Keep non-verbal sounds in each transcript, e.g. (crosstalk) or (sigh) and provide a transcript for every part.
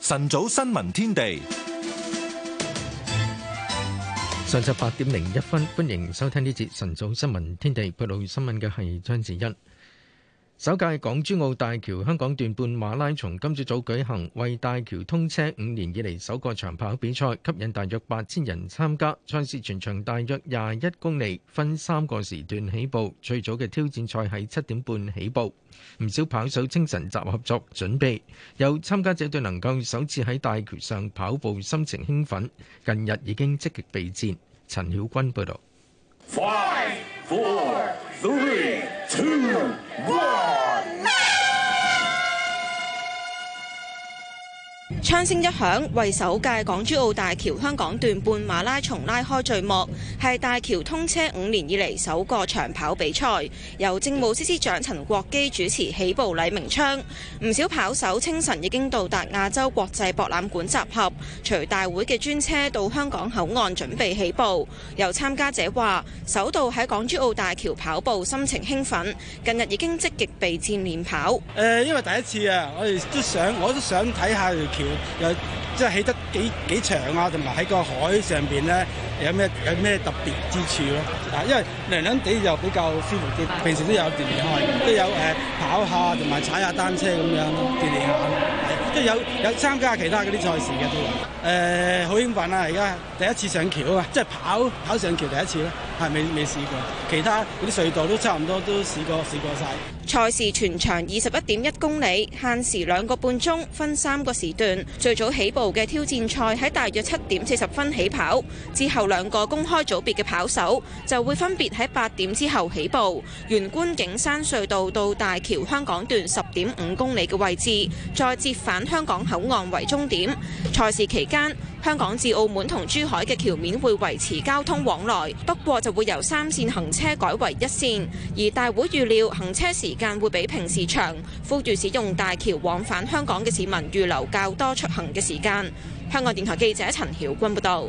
晨早新聞天地，上晝八點零一分，歡迎收聽呢節晨早新聞天地。報道新聞嘅係張子欣。首屆港珠澳大橋香港段半馬拉松今朝早舉行，為大橋通車五年以嚟首個長跑比賽，吸引大約八千人參加，賽事全長大約廿一公里，分三個時段起步，最早嘅挑戰賽喺七點半起步，唔少跑手精神集合作準備，有參加者對能夠首次喺大橋上跑步，心情興奮，近日已經積極備戰。陳曉君報道。Five, four, 槍聲一響，為首屆港珠澳大橋香港段半馬拉松拉開序幕，係大橋通車五年以嚟首個長跑比賽。由政務司司長陳國基主持起步禮鳴槍。唔少跑手清晨已經到達亞洲國際博覽館集合，隨大會嘅專車到香港口岸準備起步。有參加者話，首度喺港珠澳大橋跑步，心情興奮。近日已經積極備戰練跑。誒，因為第一次啊，我都想，我都想睇下條橋。又即係起得幾幾長啊，同埋喺個海上邊咧有咩有咩特別之處咯？啊，因為涼涼地又比較舒服啲，平時都有鍛鍊開，都有誒、呃、跑下同埋踩下單車咁樣鍛鍊下，即係有有參加其他嗰啲賽事嘅都有。誒、呃，好興奮啊！而家第一次上橋啊，即係跑跑上橋第一次咯，係未未試過，其他嗰啲隧道都差唔多都試過試過晒。賽事全長二十一點一公里，限時兩個半鐘，分三個時段。最早起步嘅挑戰賽喺大約七點四十分起跑，之後兩個公開組別嘅跑手就會分別喺八點之後起步，沿觀景山隧道到大橋香港段十點五公里嘅位置，再折返香港口岸為終點。賽事期間。香港至澳門同珠海嘅橋面會維持交通往來，不過就會由三線行車改為一線，而大會預料行車時間會比平時長，呼籲使用大橋往返香港嘅市民預留較多出行嘅時間。香港電台記者陳曉君報道。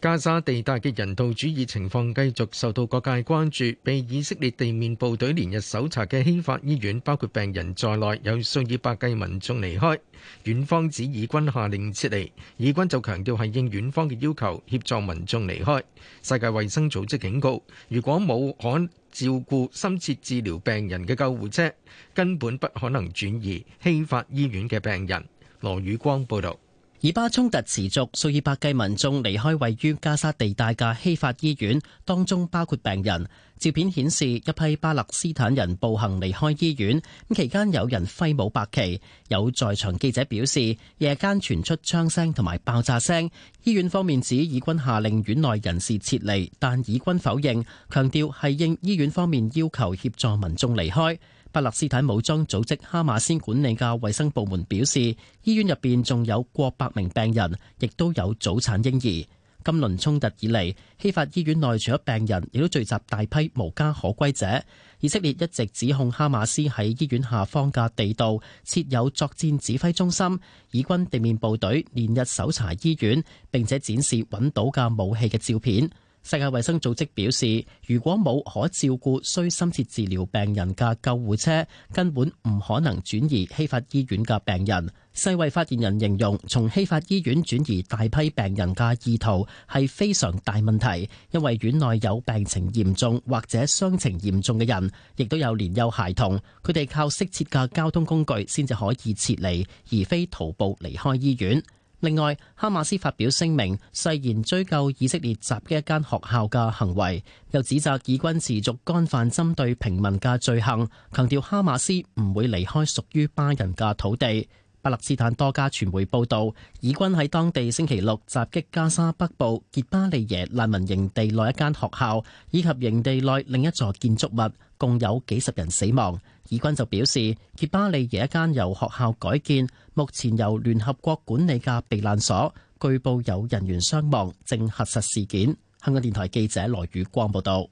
加沙地帶嘅人道主義情況繼續受到各界關注。被以色列地面部隊連日搜查嘅希法醫院，包括病人在內，有數以百計民眾離開。院方指以軍下令撤離，以軍就強調係應院方嘅要求協助民眾離開。世界衛生組織警告，如果冇可照顧深切治療病人嘅救護車，根本不可能轉移希法醫院嘅病人。羅宇光報導。以巴衝突持續，數以百計民眾離開位於加沙地帶嘅希法醫院，當中包括病人。照片顯示一批巴勒斯坦人步行離開醫院，期間有人揮舞白旗。有在場記者表示，夜間傳出槍聲同埋爆炸聲。醫院方面指以軍下令院內人士撤離，但以軍否認，強調係應醫院方面要求協助民眾離開。巴勒斯坦武裝組織哈馬斯管理嘅衛生部門表示，醫院入邊仲有過百名病人，亦都有早產嬰兒。今輪衝突以嚟，希法醫院內除咗病人，亦都聚集大批無家可歸者。以色列一直指控哈馬斯喺醫院下方嘅地道設有作戰指揮中心，以軍地面部隊連日搜查醫院，並且展示揾到嘅武器嘅照片。世界衛生組織表示，如果冇可照顧需深切治療病人嘅救護車，根本唔可能轉移希法醫院嘅病人。世衛發言人形容，從希法醫院轉移大批病人嘅意圖係非常大問題，因為院內有病情嚴重或者傷情嚴重嘅人，亦都有年幼孩童，佢哋靠適切嘅交通工具先至可以撤離，而非徒步離開醫院。另外，哈馬斯發表聲明，誓言追究以色列襲擊一間學校嘅行為，又指責以軍持續干犯針對平民嘅罪行，強調哈馬斯唔會離開屬於巴人嘅土地。巴勒斯坦多家傳媒報道，以軍喺當地星期六襲擊加沙北部傑巴利耶難民營地內一間學校，以及營地內另一座建築物，共有幾十人死亡。以軍就表示，傑巴利耶一間由學校改建、目前由聯合國管理嘅避難所，據報有人員傷亡，正核實事件。香港電台記者羅宇光報道。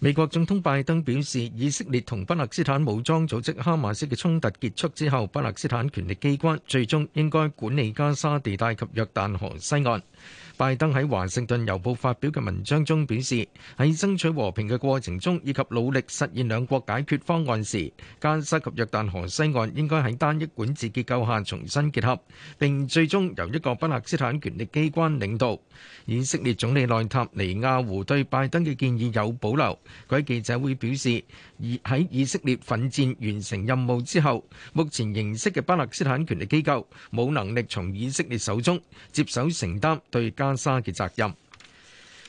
美國總統拜登表示，以色列同巴勒斯坦武裝組織哈馬斯嘅衝突結束之後，巴勒斯坦權力機關最終應該管理加沙地帶及約旦河西岸。拜登喺華盛頓郵報發表嘅文章中表示，喺爭取和平嘅過程中，以及努力實現兩國解決方案時，加沙及約旦河西岸應該喺單一管治結構下重新結合，並最終由一個巴勒斯坦權力機關領導。以色列總理內塔尼亞胡對拜登嘅建議有保留，佢喺記者會表示，而喺以色列奮戰完成任務之後，目前形式嘅巴勒斯坦權力機構冇能力從以色列手中接手承擔對加加沙嘅責任。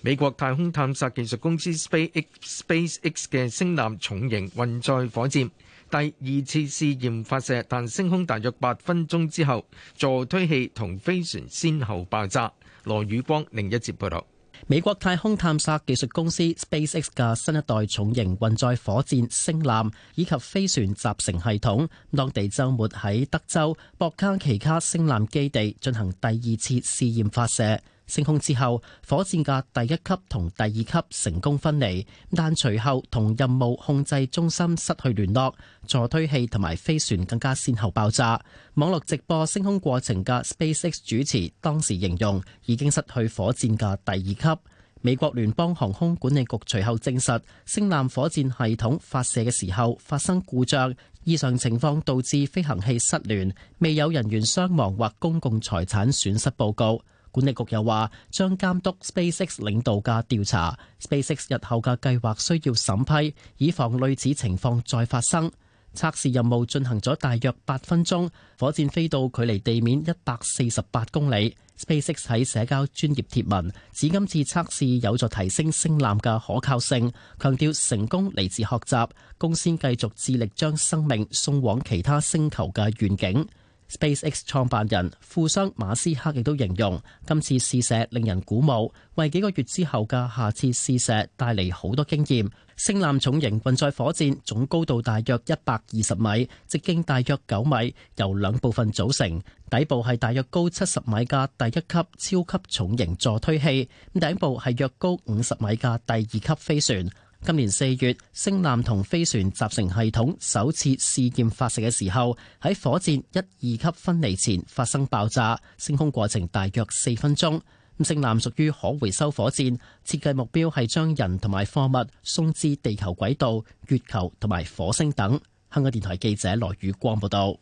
美國太空探索技術公司 SpaceX 嘅星艦重型運載火箭第二次試驗發射，但升空大約八分鐘之後，助推器同飛船先後爆炸。羅宇光另一節報道：美國太空探索技術公司 SpaceX 嘅新一代重型運載火箭星艦以及飛船集成系統，當地周末喺德州博卡奇卡星艦基地進行第二次試驗發射。升空之後，火箭嘅第一級同第二級成功分離，但隨後同任務控制中心失去聯絡。助推器同埋飛船更加先後爆炸。網絡直播升空過程嘅 SpaceX 主持當時形容已經失去火箭嘅第二級。美國聯邦航空管理局隨後證實，星艦火箭系統發射嘅時候發生故障，異常情況導致飛行器失聯，未有人員傷亡或公共財產損失報告。管理局又話將監督 SpaceX 領導嘅調查，SpaceX 日後嘅計劃需要審批，以防類似情況再發生。測試任務進行咗大約八分鐘，火箭飛到距離地面一百四十八公里。SpaceX 喺社交專頁貼文指今次測試有助提升星艦嘅可靠性，強調成功嚟自學習，公司繼續致力將生命送往其他星球嘅願景。SpaceX 創辦人富商馬斯克亦都形容今次試射令人鼓舞，為幾個月之後嘅下次試射帶嚟好多經驗。星艦重型運載火箭總高度大約一百二十米，直徑大約九米，由兩部分組成。底部係大約高七十米嘅第一級超級重型助推器，咁頂部係約高五十米嘅第二級飛船。今年四月，星艦同飛船集成系統首次試驗發射嘅時候，喺火箭一二級分離前發生爆炸，升空過程大約四分鐘。咁星艦屬於可回收火箭，設計目標係將人同埋貨物送至地球軌道、月球同埋火星等。香港電台記者羅宇光報道。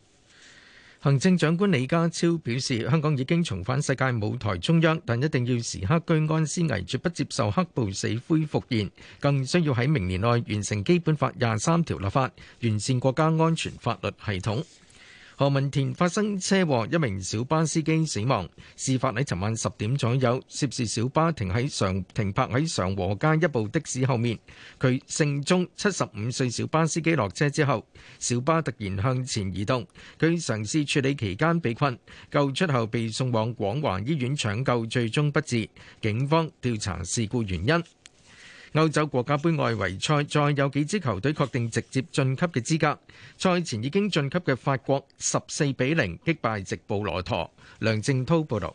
行政長官李家超表示，香港已經重返世界舞台中央，但一定要時刻居安思危，絕不接受黑暴死灰復燃，更需要喺明年內完成基本法廿三條立法，完善國家安全法律系統。何文田發生車禍，一名小巴司機死亡。事發喺尋晚十點左右，涉事小巴停喺常停泊喺常和街一部的士後面。佢姓鍾，七十五歲小巴司機落車之後，小巴突然向前移動。佢嘗試處理期間被困，救出後被送往廣華醫院搶救，最終不治。警方調查事故原因。歐洲國家盃外圍賽再有幾支球隊確定直接晉級嘅資格，賽前已經晉級嘅法國十四比零擊敗直布羅陀。梁正濤報道。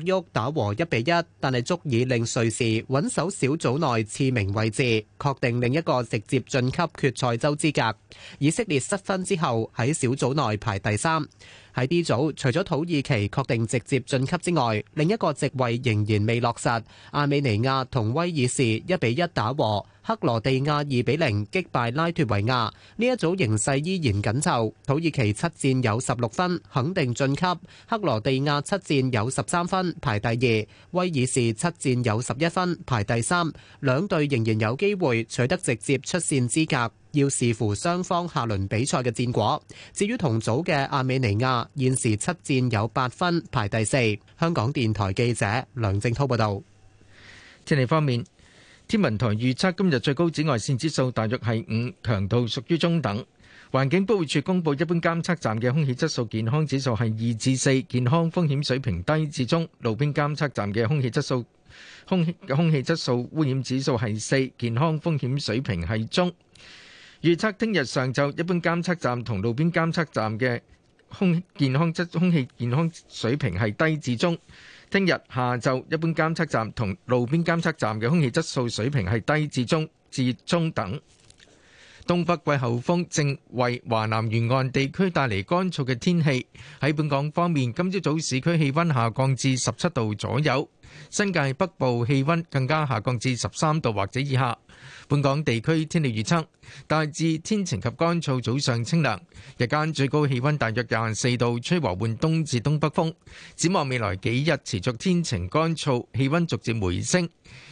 打和一比一，但係足以令瑞士穩守小組內次名位置，確定另一個直接晉級決賽周資格。以色列失分之後，喺小組內排第三。喺 D 組除咗土耳其確定直接晉級之外，另一個席位仍然未落實，阿美尼亞同威爾士一比一打和，克羅地亞二比零擊敗拉脫維亞，呢一組形勢依然緊湊，土耳其七戰有十六分，肯定晉級，克羅地亞七戰有十三分，排第二。威爾士七戰有十一分，排第三。兩隊仍然有機會取得直接出線資格。要視乎雙方下輪比賽嘅戰果。至於同組嘅阿美尼亞，現時七戰有八分，排第四。香港電台記者梁正濤報道。天氣方面，天文台預測今日最高紫外線指數大約係五，強度屬於中等。環境保護署公佈一般監測站嘅空氣質素健康指數係二至四，健康風險水平低至中。路邊監測站嘅空氣質素空空氣質素污染指數係四，健康風險水平係中。預測聽日上晝一般監測站同路邊監測站嘅空健康質空氣健康水平係低至中。聽日下晝一般監測站同路邊監測站嘅空氣質素水平係低至中至中等。東北季候風正為華南沿岸地區帶嚟乾燥嘅天氣。喺本港方面，今朝早，早市區氣溫下降至十七度左右，新界北部氣溫更加下降至十三度或者以下。本港地區天氣預測大致天晴及乾燥，早上清涼，日間最高氣溫大約廿四度，吹和緩東至東北風。展望未來幾日持續天晴乾燥，氣溫逐漸回升，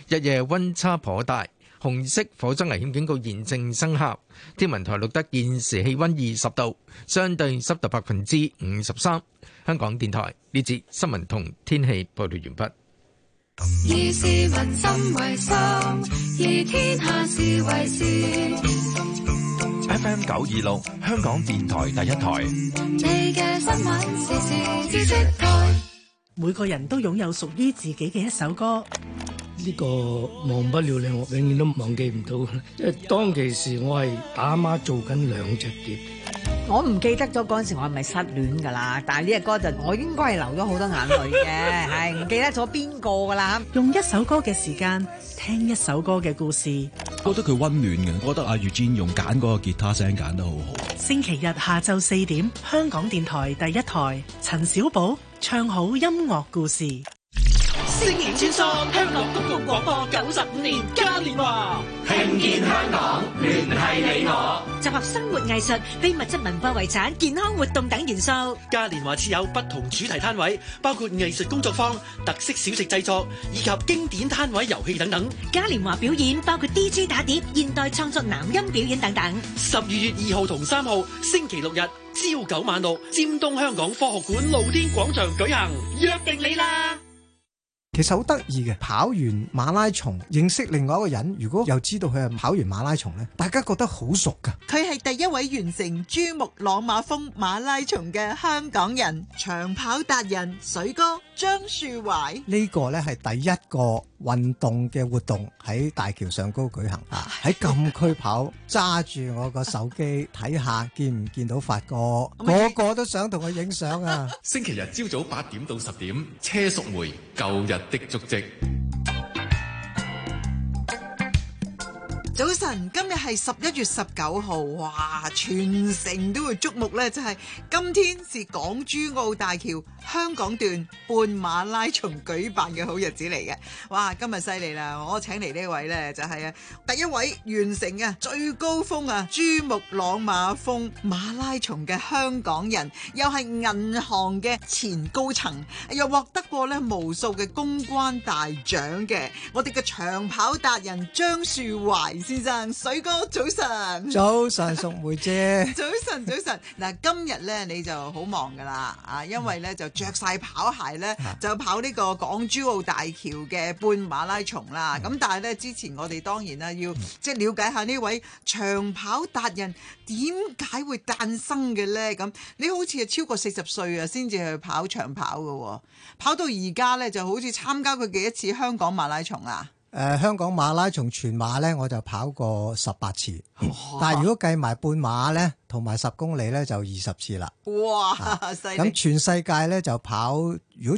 日夜溫差頗大。紅色火災危險警告，現正生效。天文台錄得現時氣溫二十度，相對濕度百分之五十三。香港電台呢節新聞同天氣報道完畢。以市民心為心，以天下事為事。F M 九二六，香港電台第一台。你嘅新聞時時資訊台。每個人都擁有屬於自己嘅一首歌。呢個忘不了你，我永遠都忘記唔到。因為當其時我係打孖做緊兩隻碟，我唔記得咗嗰陣時我係咪失戀㗎啦。但係呢隻歌就我應該係流咗好多眼淚嘅，係唔 (laughs) 記得咗邊個㗎啦。用一首歌嘅時間聽一首歌嘅故事，覺得佢溫暖嘅。我覺得阿月嬌用揀嗰個吉他聲揀得好好。星期日下晝四點，香港電台第一台，陳小寶唱好音樂故事。星夜穿梭，香港公共廣播九十五年嘉年華，聽見香港，聯繫你我，集合生活藝術、非物質文化遺產、健康活動等元素。嘉年華設有不同主題攤位，包括藝術工作坊、特色小食製作以及經典攤位遊戲等等。嘉年華表演包括 DJ 打碟、現代創作男音表演等等。十二月二號同三號星期六日朝九晚六，尖東香港科學館露天廣場舉行，約定你啦！其實好得意嘅，跑完馬拉松認識另外一個人，如果又知道佢係跑完馬拉松呢，大家覺得好熟㗎。佢係第一位完成珠穆朗瑪峰馬拉松嘅香港人，長跑達人水哥。張樹偉呢個咧係第一個運動嘅活動喺大橋上高舉行啊！喺 (laughs) 禁區跑，揸住我個手機睇下見唔見到發哥， (laughs) 個個都想同佢影相啊！ (laughs) 星期日朝早八點到十點，車淑梅舊日的足跡。早晨，今日係十一月十九號。哇，全城都會矚目呢就係今天是港珠澳大橋香港段半馬拉松舉辦嘅好日子嚟嘅，哇！今日犀利啦，我請嚟呢位呢，就係啊第一位完成嘅最高峰啊珠穆朗瑪峰馬拉松嘅香港人，又係銀行嘅前高層，又獲得過呢無數嘅公關大獎嘅，我哋嘅長跑達人張樹懷。先生，水哥早晨，早，晨 (laughs) 早晨，早晨，淑梅姐，早晨，早晨。嗱，今日咧你就好忙噶啦，啊，因為咧 (laughs) 就着晒跑鞋咧，就跑呢個港珠澳大橋嘅半馬拉松啦。咁 (laughs) 但係咧，之前我哋當然啦，要即係了解下呢位長跑達人點解會誕生嘅咧。咁你好似係超過四十歲啊，先至去跑長跑嘅，跑到而家咧，就好似參加過幾多次香港馬拉松啦。誒、呃，香港馬拉松全馬咧，我就跑過十八次，啊、但係如果計埋半馬咧，同埋十公里咧，就二十次啦。哇！咁、啊、全世界咧就跑，如果。